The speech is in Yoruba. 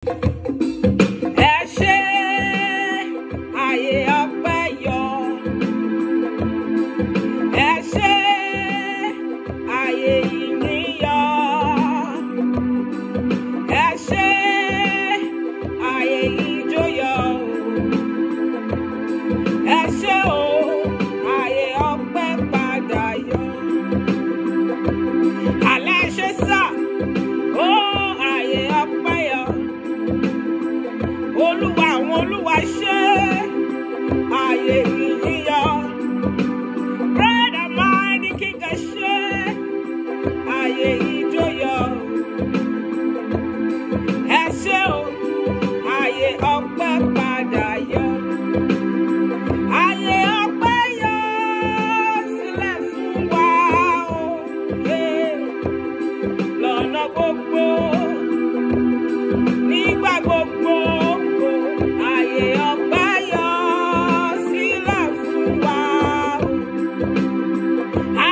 ẹ ṣe àyè ọpẹ́ yọ ẹ ṣe àyè ìyìn yọ ẹ ṣe àyè o àyè ọpẹ́ padà yọ alẹ ṣe sá o àyè olúwa àwọn olúwa ṣe ààyè ìyíyọ. Bread and wine kíkẹ́ ṣe ààyè ìjọyọ̀. Ẹ ṣé o, ààyè ọpẹ́ padà yọ. Ààyè I